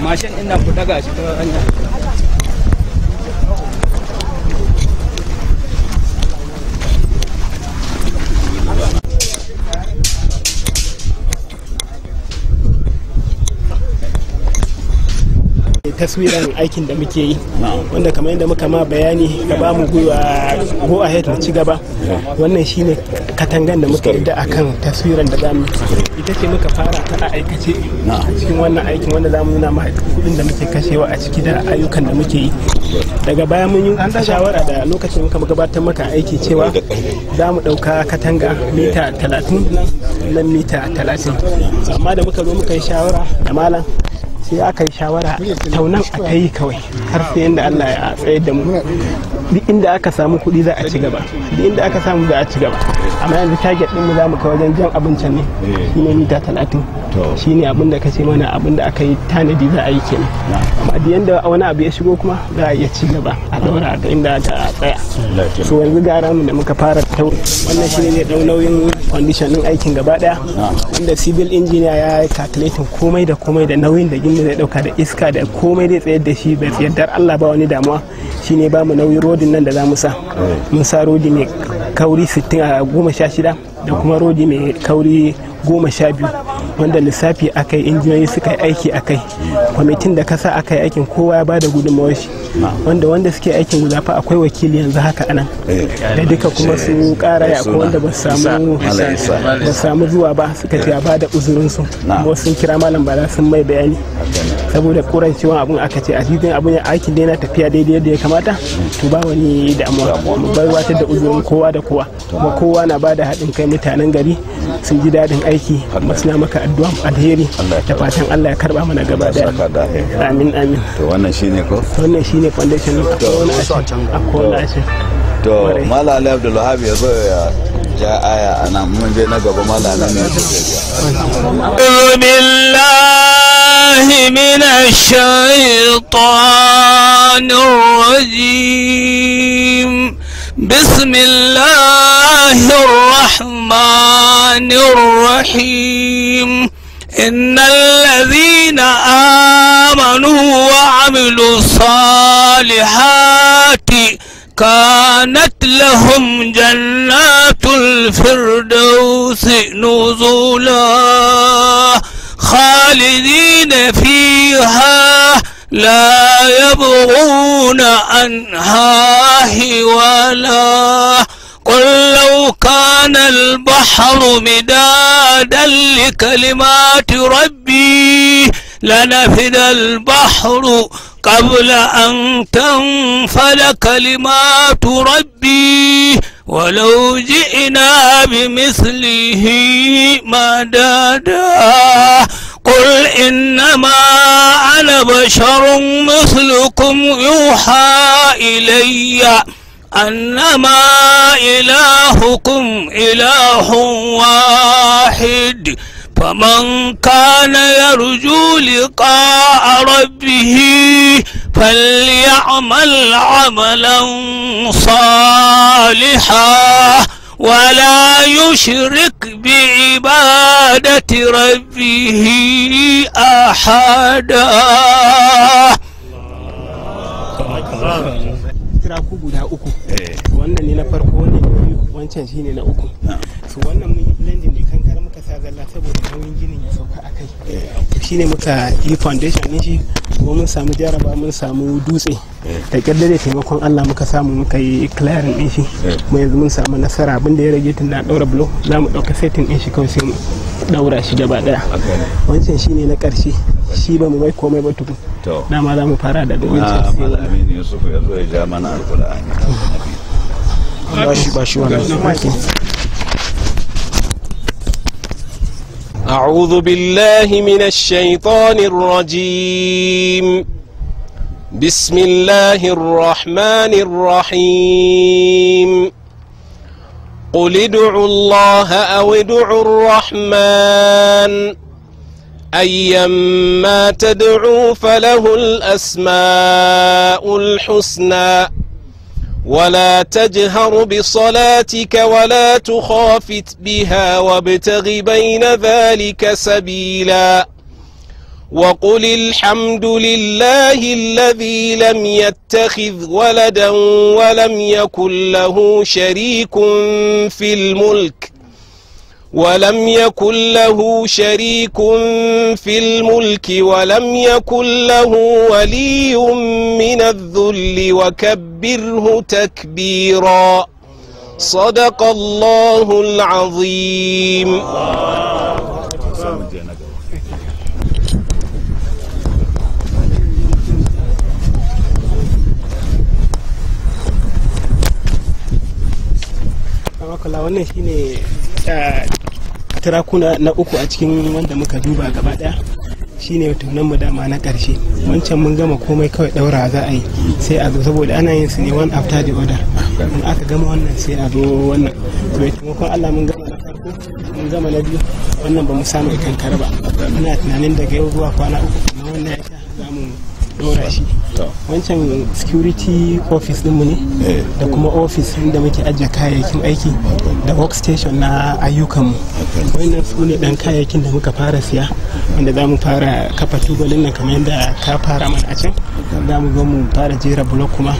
C: mashin ina ku daga shi ta hanya
H: taswiran aikin da muke yi wanda kamar yadda muka ma bayani ka ba mu gwiwa go ahead na ci gaba wannan shine katangan da muka yadda akan taswiran da za mu ita ce muka fara ta a aikace cikin wannan aikin wanda za mu nuna ma kudin da muke kashewa a ciki da ayyukan da muke yi daga baya mun yi shawara da lokacin muka gabatar maka aiki cewa za mu ɗauka katanga mita 30 nan mita 30 amma da muka zo muka yi shawara da malam sai aka yi shawara taunan a ta yi kawai har sai yadda allah ya tsayar da mu duk inda aka samu kuɗi za a ci gaba duk inda aka samu za a ci gaba amma yanzu target din mu za mu kai wajen jan abincin ne eh. shi ne mita talatin ne abin da ka ce mana abin da aka yi tanadi za a yi kenan amma duk yanda wani abu ya shigo kuma za a iya ci gaba a daura ga inda a tsaya so yanzu gara mu da muka fara ta wannan shi ne dau nauyin condition din aikin gaba daya wanda civil engineer ya yi calculating komai da komai da nauyin da gindin zai dauka da iska da komai zai tsayar da shi bai tsayar Allah ba wani damuwa shine ba mu nauyin rodin nan da za mu sa mun sa rodi mai kauri 60 a 16 da kuma rodi mai kauri goma sha biyu wanda lissafi aka yi injiniyoyi suka yi aiki a kai kwamitin da kasa aka yi aikin kowa ya bada gudunmawar shi wanda wanda suke aikin guda fa akwai wakili yanzu haka anan eh. da duka kuma su kara ya ko wanda ba samu samu zuwa ba suka ce ba da uzurin su kuma sun kira malam bala sun mai bayani saboda kurancewa abun aka ce a cikin abun ya aikin da yana tafiya daidai yadda ya kamata to ba wani damuwa bai wata da uzurin kowa da kowa kuma kowa na ba da haɗin kai mutanen gari sun ji daɗin aiki suna maka addu'a alheri da fatan Allah ya karba mana gaba da
F: amin amin to wannan shine ko wannan shine foundation a kowane
H: ashe a kowane
F: ashe to mala ali abdul wahab ya zo ya ja aya ana mun je na gaba mala ali ne
G: ya billahi minash shaytanir rajim بسم الله الرحمن الرحيم إن الذين آمنوا وعملوا الصالحات كانت لهم جنات الفردوس نزلا خالدين فيها لا يبغون عنها ولا قل لو كان البحر مدادا لكلمات ربي لنفد البحر قبل أن تنفد كلمات ربي ولو جئنا بمثله مدادا قل إنما أنا بشر مثلكم يوحى إلي أنما إلهكم إله واحد فمن كان يرجو لقاء ربه فليعمل عملا صالحا ولا يشرك بعبادة ربه أحدا
H: kankara muka sa zalla saboda nauyin ginin ya shine muka yi foundation ne shi kuma mun samu jaraba mun samu dutse da kyar da taimakon Allah muka samu muka yi clearing din shi mu yanzu mun samu nasara abin da ya rage tun da daura blow za mu dauka setting din shi kawai sai mu daura shi gaba daya wancan shine na karshe shi ba mu mai komai ba tukun dama za mu fara da domin ah, sai
F: Yusuf ya zo ya ja mana alƙur'ani ba shi ba shi wannan
I: أعوذ بالله من الشيطان الرجيم بسم الله الرحمن الرحيم قل ادعوا الله أو ادعوا الرحمن أيما تدعوا فله الأسماء الحسنى ولا تجهر بصلاتك ولا تخافت بها وابتغ بين ذلك سبيلا وقل الحمد لله الذي لم يتخذ ولدا ولم يكن له شريك في الملك ولم يكن له شريك في الملك ولم يكن له ولي من الذل وكبره تكبيرا صدق الله العظيم
H: الله turakuna na uku a cikin wanda muka duba gaba daya shine tunan mu dama na karshe wancan mun gama komai kawai daura za a yi sai a zo saboda ana yin su ne one after the other in aka gama wannan sai a zo wannan to ya taimakon Allah mun gama na farko mun gama na biyu wannan ba mu samu ikankar ba ina tunanin daga yau zuwa kwana uku na wannan ya za mu ɗaura shi wancan security office mu ne eh. da kuma office inda muke ajiye kayayyakin aiki da workstation na ayyukanmu wannan su ne dan kayayyakin da muka fara siya wanda za mu fara kafa tubalin nan kamar yadda ka fara mana a can za mu zo mu fara jera bulok kuma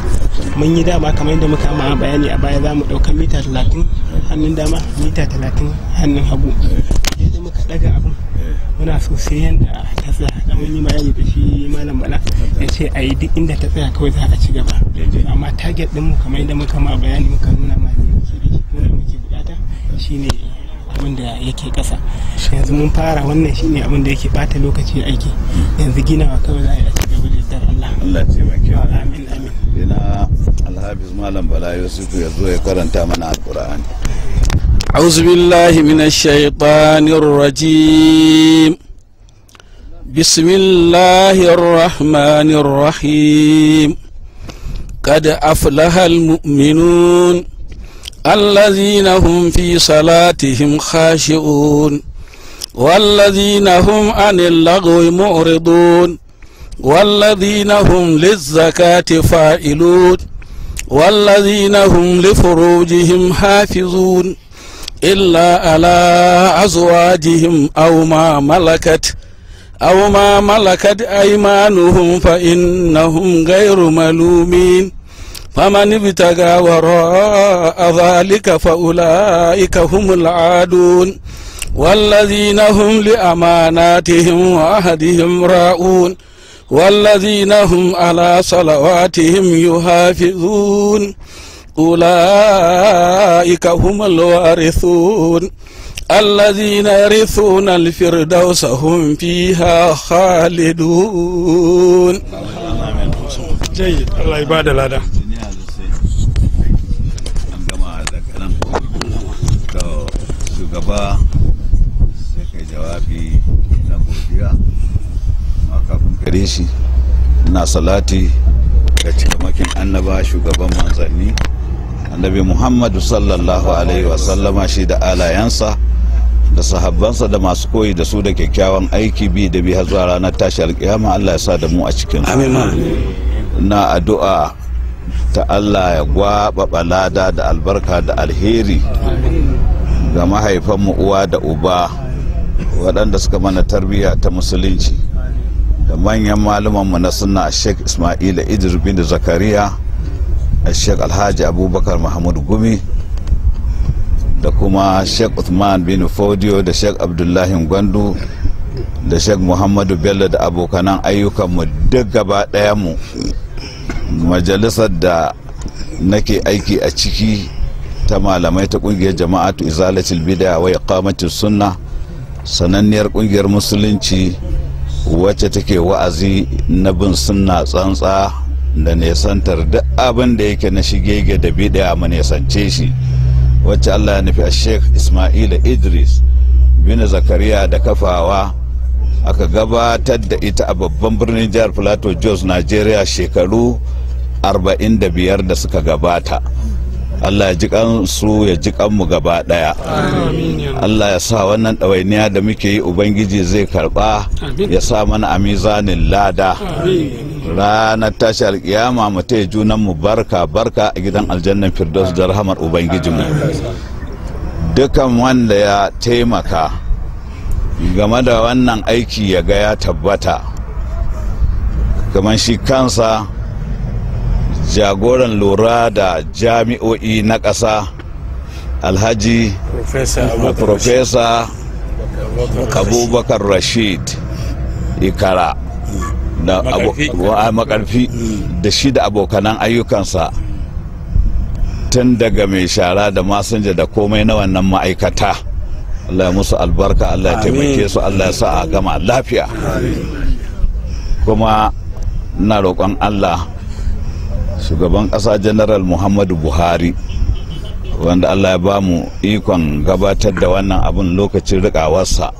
H: mun yi dama kamar yadda muka ma bayani a baya za mu ɗauka mita 30 hannun dama mita 30 hannun hagu eh. yadda muka ɗaga abin muna so sai yanda ta tsaya da mun yi bayani da shi malam bala ya ce a yi duk inda ta tsaya kawai za a ci gaba amma target mu kamar yadda muka ma bayani muka nuna ma ne muke bukata shine abin da yake kasa yanzu mun fara wannan shine abin da yake bata lokaci aiki yanzu ginawa kawai za a yi a ci gaba
F: da yardar Allah Allah ce maki amin amin ina alhafiz malam bala yusuf ya zo ya karanta mana alqur'ani أعوذ بالله من
C: الشيطان الرجيم بسم الله الرحمن الرحيم قد أفلح المؤمنون الذين هم في صلاتهم خاشعون والذين هم عن اللغو معرضون والذين هم للزكاة فاعلون والذين هم لفروجهم حافظون إلا على أزواجهم أو ما ملكت أو ما ملكت أيمانهم فإنهم غير ملومين فمن ابتغى وراء ذلك فأولئك هم العادون والذين هم لأماناتهم وعهدهم راؤون والذين هم على صلواتهم يحافظون أولئك هم الوارثون الذين يرثون الفردوس هم فيها خالدون
F: جيد الله يبارك لنا salati da cikamakin annaba shugaban manzanni annabi muhammadu sallallahu alaihi wasallama shi da alayansa da sahabbansa da masu koyi da su da kyakkyawan aiki bi da bi har zuwa ranar tashi alkiyama Allah ya sa da mu a cikin na addu'a ta Allah ya gwaba balada da albarka da alheri ga mahaifanmu uwa da uba waɗanda suka mana tarbiyya ta musulunci da manyan malumanmu na suna sheikh ismaila idris bin zakariya sheik alhaji abubakar mahmud gumi da kuma sheik uthman bin fodio da sheik abdullahi gwandu da sheik muhammadu bello da abokanan ayyukanmu duk gaba mu majalisar da nake aiki a ciki ta malamai ta kungiyar jama'atu izalatul bid'a wa iqamatus sunna sananniyar kungiyar musulunci wacce take wa'azi na bin sunna tsantsa da nesantar duk abin da yake na shige ga da bid'a mu nesance shi wacce Allah ya nufi a Sheikh Ismail Idris bin Zakariya da kafawa aka gabatar da ita a babban birnin jihar Plateau Jos Nigeria shekaru 45 da suka gabata. Allah ya ji su ya ji mu gaba daya Allah ya sa wannan ɗawainiya da muke yi ubangiji zai karɓa ya sa mana a lada ranar tashi alkiyama mu taya junan mu barka barka a gidan aljannan firdaus da rahamar ubangijinmu dukan wanda ya taimaka game da wannan aiki ya ga ya tabbata kamar shi kansa jagoran lura da jami'o'i na ƙasa alhaji profesa abubakar rashid ikara da makarfi mm. da shi da abokanan ayyukansa tun daga mai shara da masinja da komai na wannan ma'aikata allah musu albarka allah ya taimake su allah ya sa a gama lafiya kuma na roƙon allah shugaban ƙasa janaral muhammadu buhari wanda allah ya bamu ikon gabatar da wannan abin lokacin rikawarsa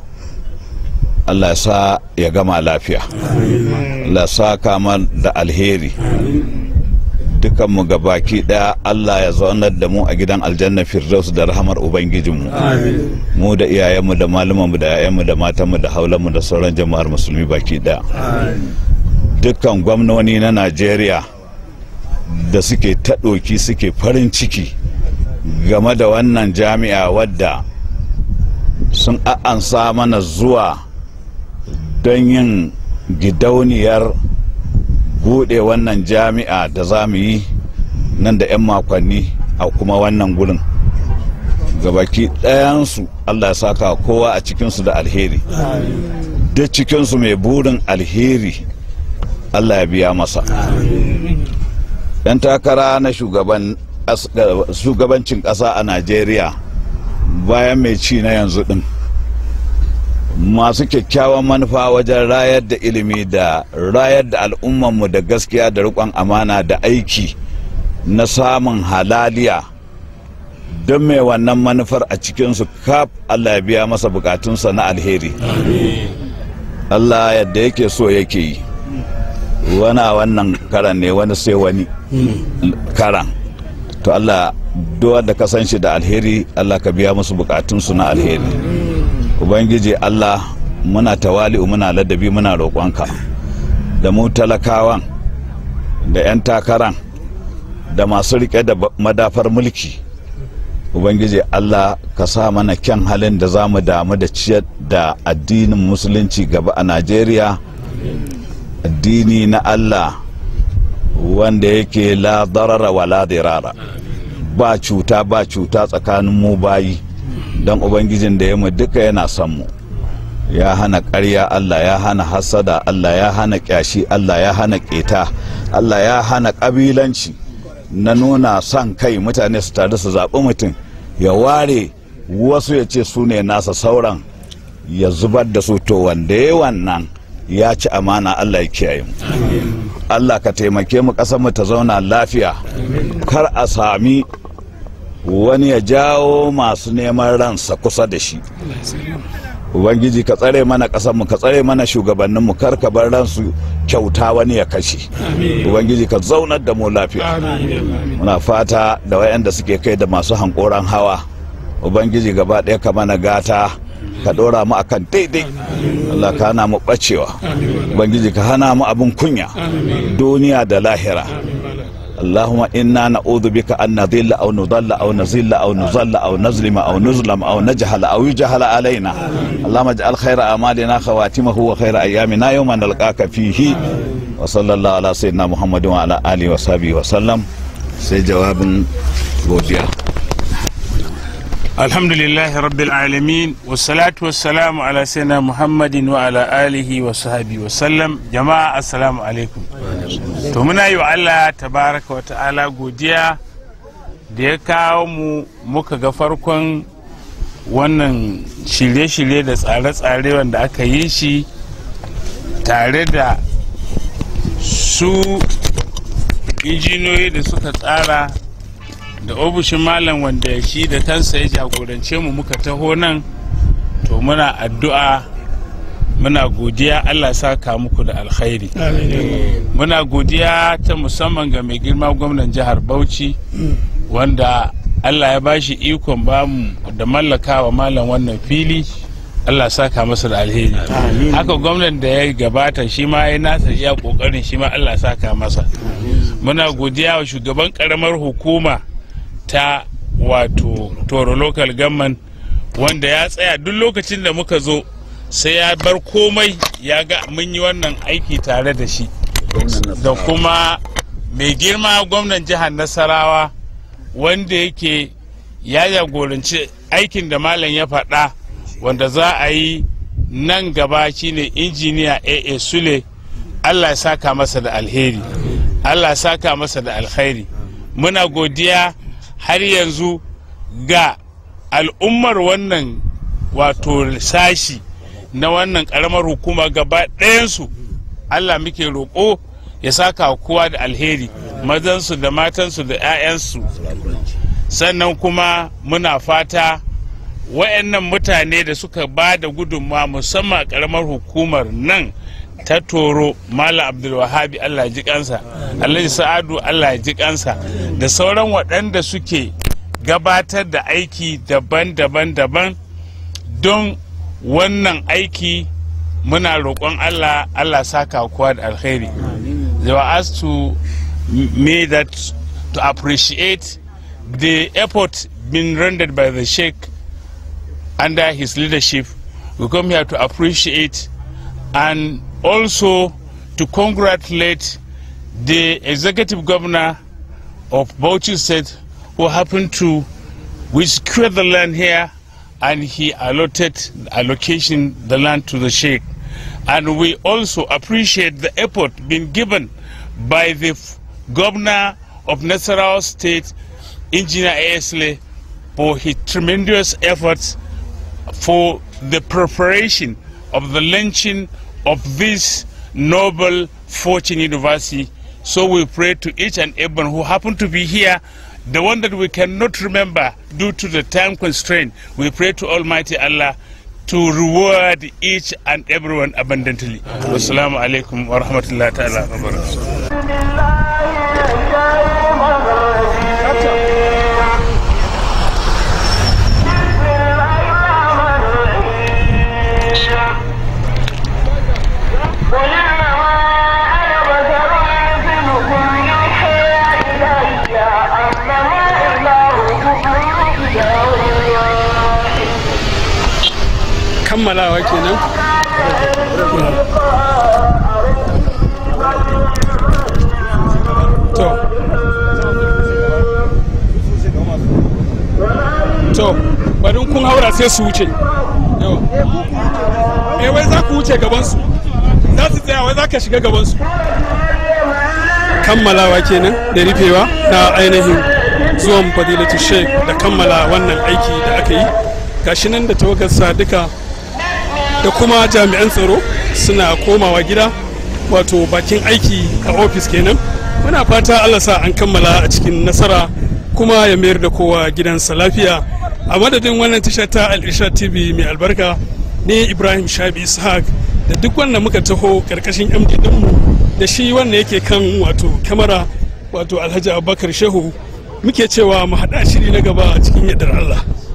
F: allah sa ya gama lafiya allah sa kama da alheri dukanmu ga baki daya allah ya zaunar da mu a gidan aljanna firdaus da rahamar ubangijinmu mu da iyayenmu da malumanmu da yayanmu da matanmu da haulanmu da sauran jama'ar musulmi baki daya dukkan gwamnoni na najeriya da suke taɗoki suke farin ciki game da wannan jami'a wadda sun a'ansa mana zuwa don yin gidauniyar buɗe wannan jami'a da za mu yi nan da 'yan makonni a kuma wannan gurin gabaki ɗayansu allah ya saka kowa a cikinsu da alheri da cikinsu mai burin alheri allah ya biya masa yan takara na shugabancin ƙasa a najeriya bayan mai ci na yanzu ɗin masu kyakkyawan manufa wajen rayar da ilimi da rayar da al'ummanmu da gaskiya da riƙon amana da aiki na samun halaliya don mai wannan manufar a cikinsu kaf allah ya biya masa bukatunsa na alheri allah yadda yake so yake yi wani a wannan karan ne wani sai wani karan to Allah duwa da san shi da alheri Allah ka biya musu bukatun su na alheri ubangiji Allah muna tawali'u muna ladabi muna roƙonka da mu talakawan da 'yan takaran da masu riƙe da madafar mulki ubangiji Allah ka sa mana kyan halin da za mu damu da ciyar da addinin musulunci gaba a Najeriya addini na Allah wanda yake la darara wa la dirara ba cuta ba cuta tsakanin mu bayi don ubangijin da ya mu duka yana son mu ya hana ƙarya Allah ya hana hasada Allah ya hana ƙyashi Allah ya hana ƙeta Allah ya hana ƙabilanci na nuna son kai mutane su tare su zaɓi mutum ya ware wasu ya ce su ne nasa sauran ya zubar da su to wanda ya wannan ya ci amana Allah ya kiyaye mu Allah ka taimake mu ƙasar mu ta zauna lafiya kar a sami wani ya jawo masu neman ransa kusa da shi ubangiji ka tsare mana mu ka tsare mana shugabanninmu kar ka bar ransu kyauta wani ya kashe ubangiji ka zaunar da mu lafiya muna fata da wayanda suke kai da masu hankoran hawa ubangiji gaba ɗaya ka mana gata ka ɗora mu akan daidai Allah ka hana mu bacewa ubangiji ka hana mu abin kunya duniya da lahira اللهم إنا نعوذ بك أن نضل أو نضل أو نزل أو نظل أو نظلم أو نظلم أو نجهل أو يجهل علينا اللهم اجعل خير أعمالنا خواتمه وخير أيامنا يوم نلقاك فيه وصلى الله على سيدنا محمد وعلى آله وصحبه وسلم sai جواب godiya الحمد لله رب العالمين والصلاة
D: والسلام على سيدنا محمد وعلى آله وصحبه وسلم جماعة السلام عليكم to muna yi wa Allah tabaraka wa ta'ala godiya da ya kawo mu muka ga farkon wannan shirye-shirye da tsare-tsare wanda aka yi shi tare da su injiniyoyi da suka tsara da ofishin malam wanda shi da kansa ya jagorance mu muka taho nan to muna addu'a muna godiya allah sa ka muku da alkhairi muna godiya ta musamman ga mai girma gwamnan jihar bauchi wanda allah ya bashi ikon bamu da mallakawa malam wannan fili Allah sa ka masa da alheri haka gwamnan da ya gabata shi ma ya nasa iya kokarin shi ma Allah ka masa muna godiya wa shugaban karamar hukuma ta wato toro local gamman wanda ya tsaya duk lokacin da muka zo sai ya bar komai ya ga mun yi wannan aiki tare da shi da kuma mai girma gwamnan jihar nasarawa wanda yake ya jagoranci aikin da malam ya faɗa wanda za a yi nan gaba shine injiniya aa sule allah saka masa da alheri allah saka masa da alkhairi muna godiya har yanzu ga al'ummar wannan wato sashi na wannan karamar hukuma gaba ɗayansu allah muke roƙo ya saka kowa da alheri mazansu da matansu da 'ya'yansu sannan kuma muna fata wayannan mutane da suka ba da gudunmawa musamman karamar hukumar nan ta toro mala abdulwahabi allah ji kansa alhaji sa'adu allah ji kansa da sauran waɗanda suke gabatar da aiki daban-daban daban don wannan aiki muna roƙon allah allah saka kuwa da alkhairi. they were asked to me that to appreciate the effort being rendered by the sheikh under his leadership we come here to appreciate and also to congratulate the executive governor of Bauchi State who happened to we the land here and he allotted allocation the land to the sheikh and we also appreciate the effort being given by the governor of Nasarawa state engineer Aisley for his tremendous efforts for the preparation of the lynching of this noble fortune university. So we pray to each and everyone who happen to be here, the one that we cannot remember due to the time constraint. We pray to Almighty Allah to reward each and everyone abundantly. Wassalamu alaikum wa rahmatullahi ta'ala wa
A: kammalawa kenan to to barin kun haura sai su wuce eh wai za ku wuce gabansu za su tsaya wai za ka shiga gabansu kammalawa kenan da rufewa na ainihin zuwan fadilatu sheik da kammala wannan aiki da aka yi gashi nan da tawagarsa duka da kuma jami'an tsaro suna komawa gida wato bakin aiki a ofis kenan muna fata allah sa an kammala a cikin nasara kuma ya mayar da kowa gidansa lafiya a madadin wannan tasha ta al'isha tv mai albarka ne ibrahim shabi ishaq da duk wanda muka taho karkashin md dinmu da shi wanda yake kan wato kamara wato alhaji abubakar shehu muke cewa mu haɗa shiri na gaba cikin yadda allah